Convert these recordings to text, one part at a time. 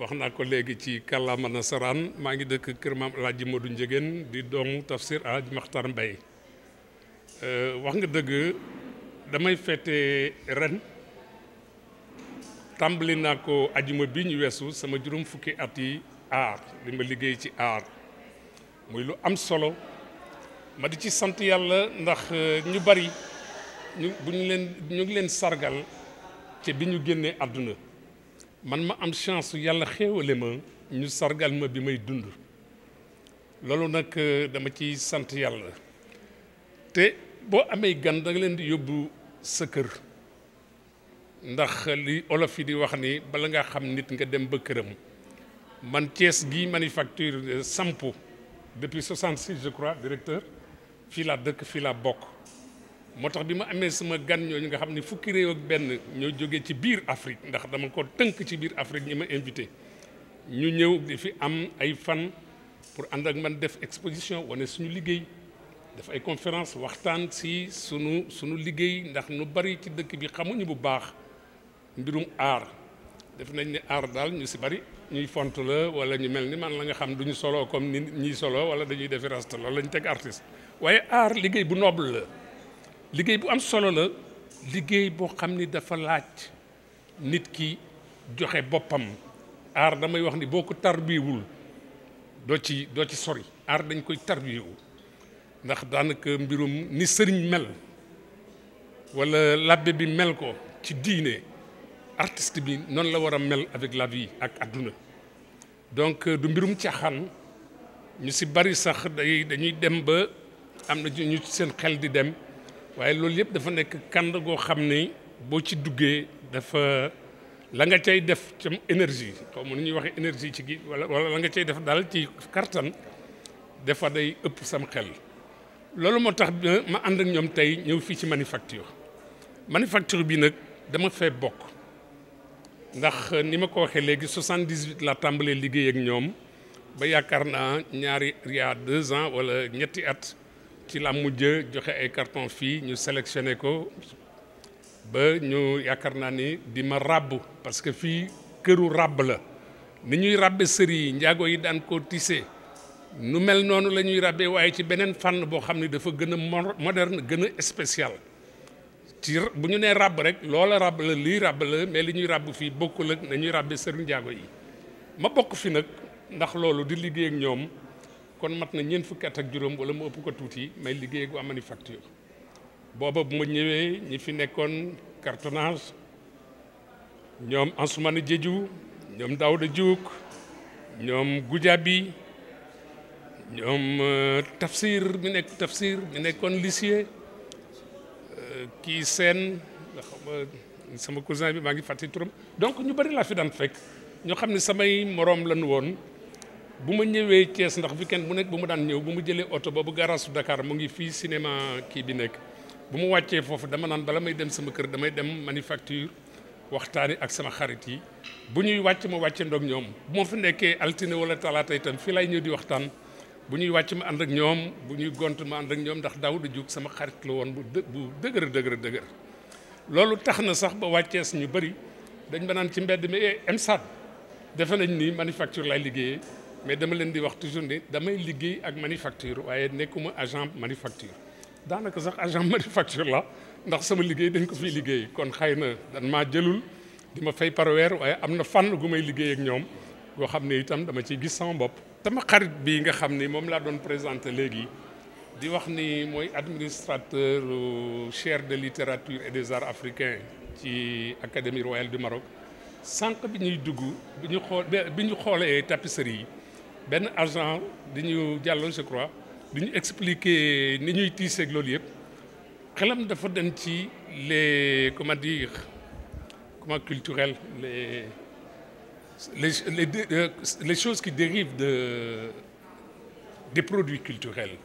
wax naa ko léegi ci kàllaama nasaraan maa ngi dëkk kër maam El Hadj Modou Ndiégène di doomu tafsir El Hadj Makhtar Mbaye euh, wax nga dëgg damay fete ren tàmbali naa ko ajuma bi ñu weesu sama juróom fukki at yi aar li ma liggéey ci aar muy lu am solo ma di ci sant yàlla ndax euh, ñu bari ñu bu ñu leen ñu ngi leen sargal ci bi ñu génnee àdduna man ma am chance yàlla xéewale ma ñu sargal ma bi may dund loolu nag euh, dama ci sant yàlla te boo amee gan da leen di yóbbu sa kër ndax li olof yi di wax ni bala nga xam nit nga dem ba këram man Thiès gi manufacture euh, sampo depuis 66 je crois directeur fii laa dëkk fii laa bokk moo tax bi ma amee sama gan ñu nga xam ne fukki réew benn ñoo jógee ci biir Afrique ndax dama ko tënk ci biir Afrique ñi ma invité ñu ñëw di fi am ay fan pour ànd ak man def exposition wane suñu liggéey def ay conférence waxtaan si sunu suñu liggéey ndax nu bari ci dëkk bi xamuñu bu baax mbirum aar def nañ ne aar daal ñu si bari ñuy font la wala ñu mel ni man la nga xam duñu soloo comme ni ñiy soloo wala dañuy defi rasta loolu lañ teg artiste waaye aar liggéey bu noble la liggéey bu am solo la liggéey boo xam ni dafa laaj nit ki joxe boppam aar damay wax ni boo ko tarbiwul doo ci doo ci sori aar dañ koy tarbiwu ndax daanaka mbirum ni sëriñ mel walla labbe bi mel ko ci diine artist bi noonu la war a mel avec la ak àdduna donc euh, du mbirum caaxaan ñu si bari sax day dañuy dem ba am na ñu seen xel di dem waaye loolu yëpp dafa nekk kànd goo xam ni boo ci duggee dafa la nga cay def ci énergie xaw ma nu ñuy waxee énergie ci gi wala wala la nga cay def daal ci kartan dafa day ëpp sam xel loolu moo tax ma ànd ak ñoom tey ñëw fii ci manufacture manufacture bii nag dama fee bokk ndax ni ma ko waxee léegi 78 la tàmbalee liggéey ak ñoom ba yaakaar naa ñaari il y a deux ans wala ñetti at ci la mujj joxe ay carton fii ñu sélectionné ko ba ñu yaakaar naa ni di ma ràbb parce que fii këru ràbb la ni ñuy ràbbe sër yi njaago yi daan koo tissé nu mel noonu la ñuy ràbbe waaye ci beneen fànn boo xam ne dafa gën a moderne gën a spécial ci bu ñu nee ràbb rek loola ràbb la lii ràbb la mais li ñuy ràbb fii bokkul ak na ñuy ràbbe sëru njaago yi ma bokk fi nag ndax loolu di liggéey ak ñoom kon mat na ñeent fukki at ak juróom wala mu ëpp ko tuuti may liggéey gu am manufacture booba bu ma ñëwee ñi fi nekkoon cartonnage ñoom Ansoumana Diédhiou ñoom Daouda Diouk ñoom Goudiaby ñoom euh, Tafsir mi nekk Tafsir mi nekkoon lycée euh, kii seen nga xam euh, sama cousin bi maa ngi fàtte turam donc ñu bari laa fi daan fekk ñoo xam ne samay moroom lañu woon bu ma ñëwee cees ndax weekend bu nekk bu ma daan ñëw bu ma jëlee oto ba bu garage su mu ngi fii cinéma kii bi nekk bu mu wàccee foofu dama naan bala may dem sama kër damay dem waxtaan waxtaani ak sama xarit yi bu ñuy wàcc ma wàcce ndoog ñoom bu fi nekkee altine wala talaata itam fii lay ñëw di waxtaan bu ñuy wàcc ma ànd ak ñoom bu ñuy gont ma ànd ak ñoom ndax daaw da jóg sama xarit la woon bu dë bu dëgër dëgër dëgër loolu tax na sax ba wàccees ñu bëri dañ ba naan ci mbedd mi eh, MSAD defe nañ ni manufacture lay liggéeyee mais dama leen di wax toujours ni damay liggéey ak manufacture waaye nekkuma agent manufacture daanaka sax agent manufacture la ndax sama liggéey dañ ko fiy liggéey kon xëy na dan maa jëlul di ma fay par weer waaye am na fànn gu may liggéey ak ñoom goo xam ne itam dama ci gis sama bopp sama xarit bi nga xam ni moom laa doon présenté léegi di wax ni mooy administrateur euh, cher de littérature et des arts africains ci académie royale du Maroc sànq bi ñuy dugg bi ñu xool bi ñu xoolee tapisserie yi benn agent di ñu jàlloon je crois di ñu expliquer ni ñuy tiisee ak loolu yëpp xelam dafa dem ci les comment dire comment culturel les les les les choses qui dérivent de des produits culturels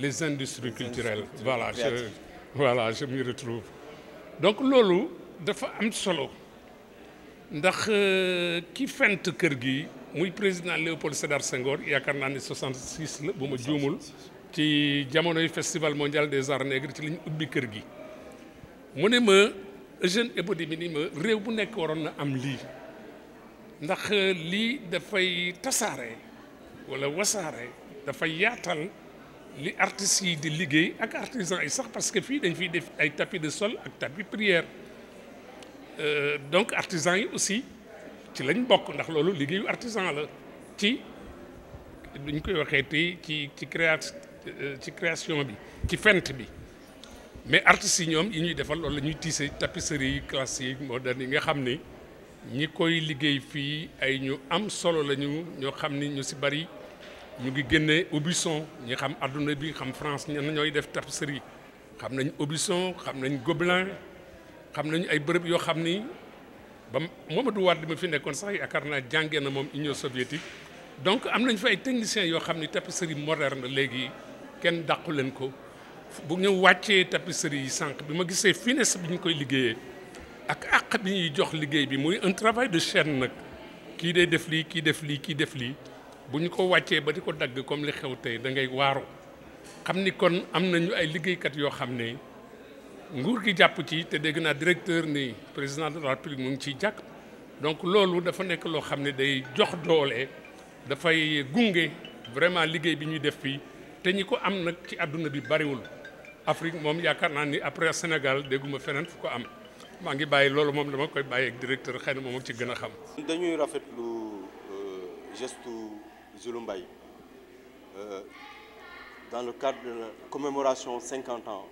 les industries culturelles voilà je voilà je m'y retrouve donc loolu dafa am solo ndax euh, ki fent kër gi muy président Léopold Sédar Senghor yaakaar naa ne 66 la bu ma juumul ci jamonoy festival mondial des arts nègres ci la ñu ubbi kër gi mu ne ma Eugène Ebodi mi ni ma réew bu nekk waroon na am lii ndax euh, lii dafay tasaare wala wasaare dafay yaatal li artistes yi di liggéey ak artisans yi sax parce que fii dañ fiy def ay tapis de sol ak tapis prière euh, donc artisans yi aussi ci lañ bokk ndax loolu liggéeyu artisan la ci duñ koy waxee tey ci ci créa ci création bi ci fent bi mais artistes yi ñoom yi ñuy defal loolu la ñuy tiise tapisserie yi classique moderne yi nga xam ni ñi koy liggéey fii ay ñu am solo la ñu ñoo xam ni ñu si bari ñu ngi génne Aubusson ñi xam adduna bi xam France ñan ñooy def tapisserie xam nañ Aubusson xam nañ Gobelin xam nañu ay bërëb yoo xam ni ba Mamadou Wade ma fi nekkoon sax yaakaar naa jàngee na moom Union soviétique donc am nañ fa ay techniciens yoo xam ni tapisserie moderne léegi kenn dàqu leen ko bu ñu wàccee tapisserie yi sànq bi ma gisee finesse bi ñu koy liggéeyee ak àq bi ñuy jox liggéey bi muy un travail de chaîne nag kii day def lii kii def lii kii def lii bu ñu ko wàccee ba di ko dagg comme li xew tey da ngay waaru xam ni kon am nañu ay liggéeykat yoo xam ne. nguur gi jàpp ci te dégg naa directeur ni président de la république mu ngi ciy jàkk donc loolu dafa nekk loo xam ne day jox doole dafay gunge vraiment liggéey bi ñuy def fii te ñi ko am nag ci àdduna bi bariwul Afrique moom yaakaar naa ni après Sénégal dégguma feneen fu ko am maa ngi bàyyi loolu moom dama koy bàyyi ak directeur xëy na moom ci gën a xam. dañuy rafetlu euh, gestu Zulu Mbaye euh, dans le cadre de la commémoration 50 ans.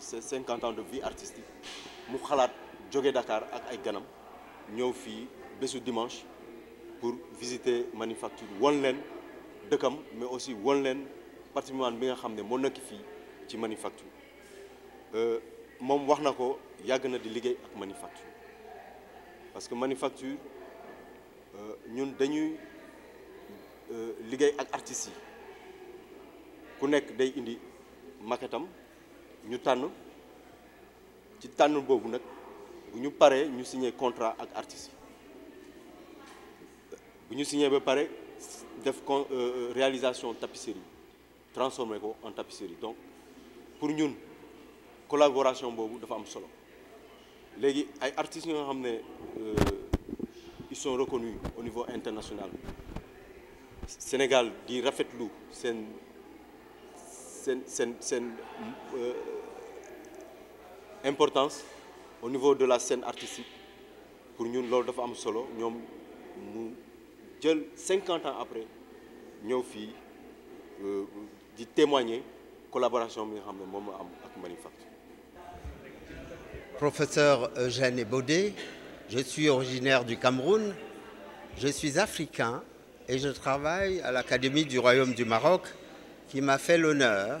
ses euh, cinquante ans de vie artistique mu xalaat jóge Dakar ak ay ganam ñëw fii bésu dimanche pour visiter manufacture won leen dëkkam mais aussi won leen patrimoine bi nga xam ne moo nekk fii ci manufacture euh, moom wax na ko yàgg na di liggéey ak manufacture parce que manufacture euh, ñun dañuy liggéey ak artistes yi ku nekk day indi maquette ñu tànn ci tànn boobu nag bu ñu paree ñu signé contrat ak artistes bu ñu signé ba pare def con euh, euh, réalisation tapisserie transformé ko en tapisserie donc pour ñun collaboration boobu dafa am solo léegi ay artistes yi nga xam ne euh, ils sont reconnus au niveau international Sénégal di rafetlu seen seen seen seen importance au niveau de la scène artistique pour ñun loolu dafa am solo ñoom mu jël cinquante ans après ñëw fii euh, di témoigner collaboration bi nga xam ne moom la am ak Manufacture. Professeur Eugène Ebodé, je suis originaire du Cameroun, je suis africain et je travaille à l'Académie du Royaume du Maroc qui m'a fait l'honneur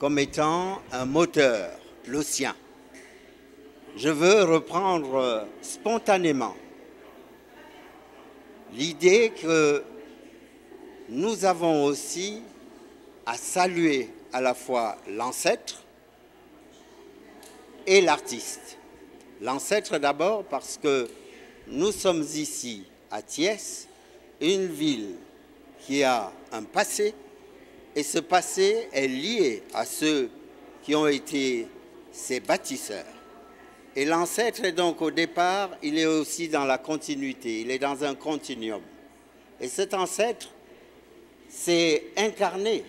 comme étant un moteur, le sien. Je veux reprendre euh, spontanément l'idée que nous avons aussi à saluer à la fois l'ancêtre et l'artiste. L'ancêtre d'abord parce que nous sommes ici à Thiès, une ville qui a un passé, Et ce passé est lié à ceux qui ont été ses bâtisseurs. Et l'ancêtre est donc au départ, il est aussi dans la continuité, il est dans un continuum. Et cet ancêtre s'est incarné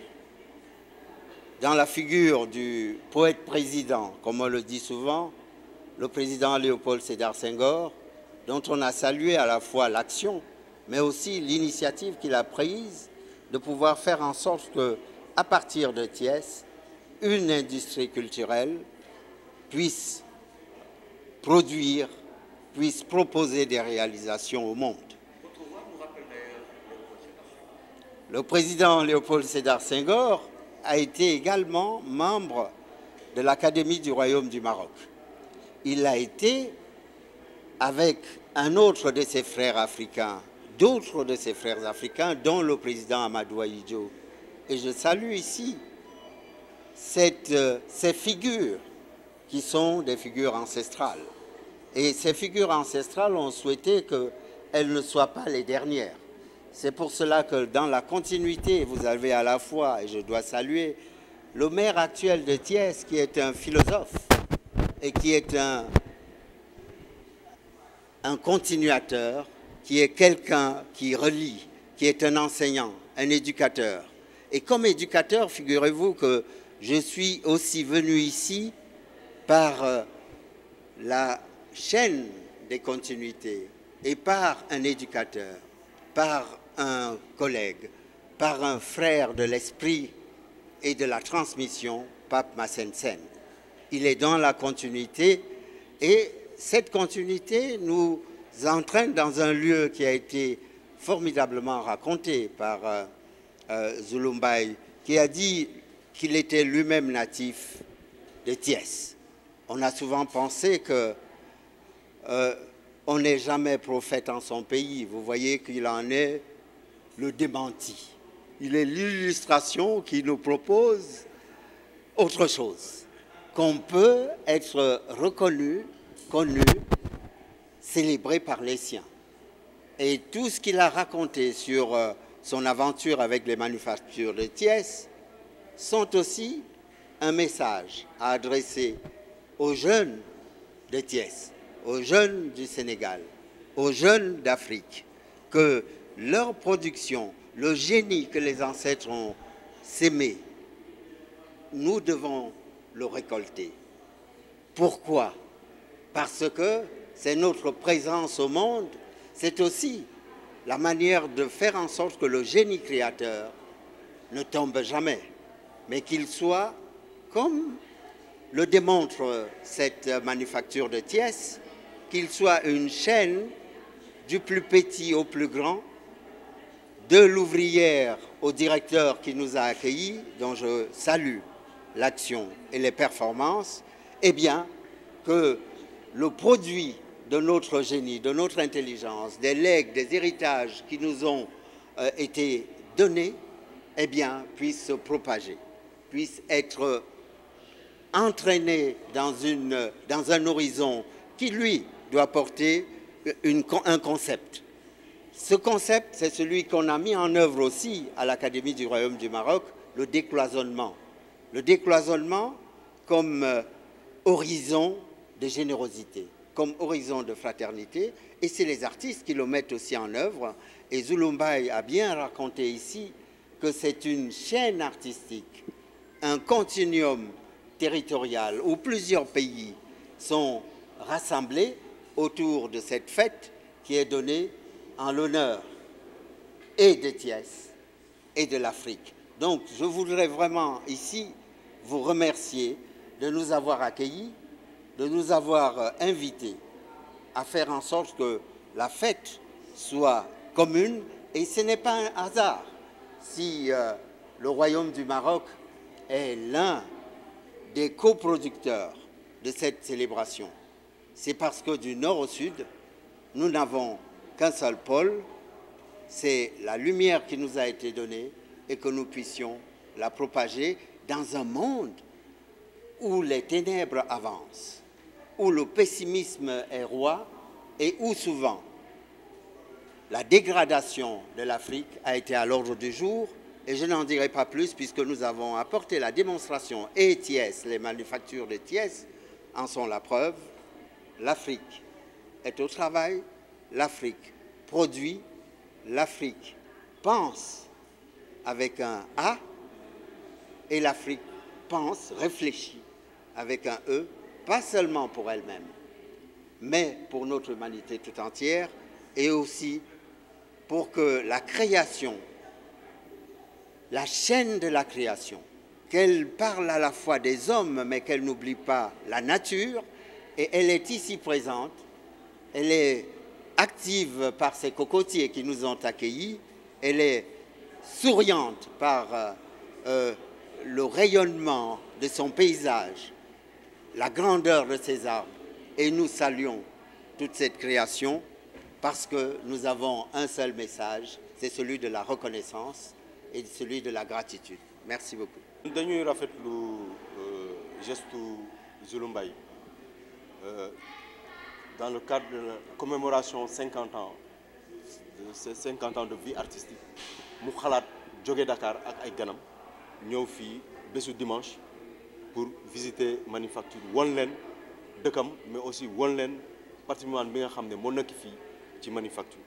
dans la figure du poète président, comme on le dit souvent, le président Léopold Sédar Senghor, dont on a salué à la fois l'action, mais aussi l'initiative qu'il a prise de pouvoir faire en sorte que, à partir de Thiès, une industrie culturelle puisse produire, puisse proposer des réalisations au monde. Le président Léopold Sédar Senghor a été également membre de l'Académie du Royaume du Maroc. Il a été, avec un autre de ses frères africains, d'autres de ses frères africains, dont le président Amadou Aïdjo. Et je salue ici cette, euh, ces figures qui sont des figures ancestrales. Et ces figures ancestrales ont souhaité qu'elles ne soient pas les dernières. C'est pour cela que dans la continuité, vous avez à la fois, et je dois saluer, le maire actuel de Thiès, qui est un philosophe et qui est un continuateur qui est quelqu'un qui relie, qui est un enseignant, un éducateur. Et comme éducateur, figurez-vous que je suis aussi venu ici par euh, la chaîne des continuités et par un éducateur, par un collègue, par un frère de l'esprit et de la transmission, Pape Massensen. Il est dans la continuité et cette continuité nous entraîne dans un lieu qui a été formidablement raconté par euh, euh, Zulumbaï, qui a dit qu'il était lui-même natif de Thiès. On a souvent pensé que euh, on n'est jamais prophète en son pays. Vous voyez qu'il en est le démenti. Il est l'illustration qui nous propose autre chose, qu'on peut être reconnu, connu célébré par les siens. Et tout ce qu'il a raconté sur euh, son aventure avec les manufactures de Thiès sont aussi un message à adresser aux jeunes de Thiès, aux jeunes du Sénégal, aux jeunes d'Afrique, que leur production, le génie que les ancêtres ont sémé, nous devons le récolter. Pourquoi Parce que c'est notre présence au monde, c'est aussi la manière de faire en sorte que le génie créateur ne tombe jamais, mais qu'il soit, comme le démontre cette manufacture de Thiès, qu'il soit une chaîne du plus petit au plus grand, de l'ouvrière au directeur qui nous a accueillis, dont je salue l'action et les performances, eh bien, que le produit de notre génie, de notre intelligence, des legs, des héritages qui nous ont euh, été donnés, eh bien, puisse se propager, puisse être entraîné dans, dans un horizon qui, lui, doit porter un concept. Ce concept, c'est celui qu'on a mis en œuvre aussi à l'Académie du Royaume du Maroc, le décloisonnement. Le décloisonnement comme euh, horizon de générosité comme horizon de fraternité. Et c'est les artistes qui le mettent aussi en œuvre. Et Zulumbaï a bien raconté ici que c'est une chaîne artistique, un continuum territorial où plusieurs pays sont rassemblés autour de cette fête qui est donnée en l'honneur et de Thiès et de l'Afrique. Donc je voudrais vraiment ici vous remercier de nous avoir accueillis de nous avoir euh, invités à faire en sorte que la fête soit commune. Et ce n'est pas un hasard si euh, le Royaume du Maroc est l'un des coproducteurs de cette célébration. C'est parce que du nord au sud, nous n'avons qu'un seul pôle, c'est la lumière qui nous a été donnée et que nous puissions la propager dans un monde où les ténèbres avancent. où le pessimisme est roi et où souvent la dégradation de l'Afrique a été à l'ordre du jour. Et je n'en dirai pas plus puisque nous avons apporté la démonstration et Thiès, les manufactures de Thiès en sont la preuve. L'Afrique est au travail, l'Afrique produit, l'Afrique pense avec un A et l'Afrique pense, réfléchit avec un e. pas seulement pour elle-même, mais pour notre humanité tout entière et aussi pour que la création, la chaîne de la création, qu'elle parle à la fois des hommes, mais qu'elle n'oublie pas la nature, et elle est ici présente, elle est active par ces cocotiers qui nous ont accueillis, elle est souriante par euh, euh, le rayonnement de son paysage, la grandeur de ces arbres. Et nous saluons toute cette création parce que nous avons un seul message, c'est celui de la reconnaissance et celui de la gratitude. Merci beaucoup. dañuy rafetlu euh, geste Zulumba yi euh, dans le cadre de la commémoration 50 ans de ces de vie artistique mu xalaat jóge Dakar ak ay ganam ñëw fii bésu dimanche. pour visiter manufacture won leen dëkkam mais aussi won leen patrimoine bi nga xam ne moo nekk fii ci manufacture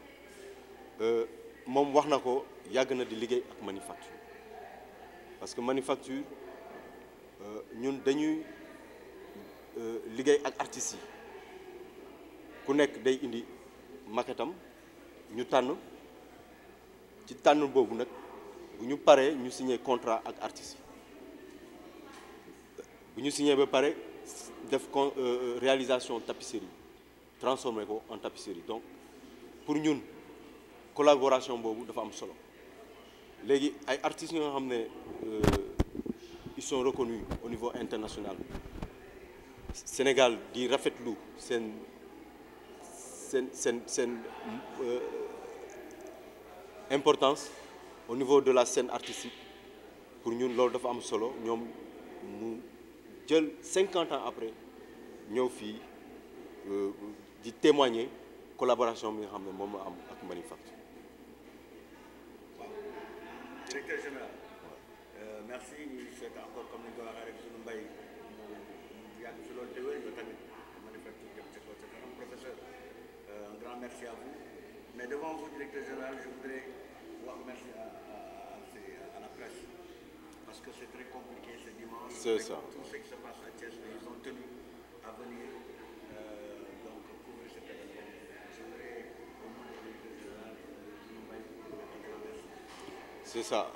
euh, moom wax na ko yàgg na di liggéey ak manufacture parce que manufacture euh, ñun dañuy euh, liggéey ak artistes yi ku nekk day indi maquette ñu tànn ci tànn boobu nag bu ñu paree ñu signee contrat ak artistes bu ñu signé ba pare def con euh, euh, réalisation tapisserie transformé ko en tapisserie donc pour ñun collaboration boobu dafa am solo léegi ay artistes yoo xam ne euh, ils sont reconnus au niveau international Sénégal di rafetlu seen seen seen seen importance au niveau de la seen artistique pour ñun loolu dafa am solo ñoom. jël cinquante ans après ñëw fii euh, di témoigner collaboration bi nga xam ne moom la am ak Manufacture. directeur général euh, merci ñu souhaite encore comme ni nga ko waxee rek suñu mbay mu yàgg si loolu te wér nga tamit Manufacture jëm ci kaw ca kanam professeur euh, un grand merci à vous mais devant vous directeur général je voudrais wax merci à à à la presse. parce que c'est très compliqué ce dimanche. C'est Tout ce qui se passe à Thiès, ils ont tenu à venir euh, donc couvrir cet événement. Je voudrais au nom euh, de l'Église de C'est ça,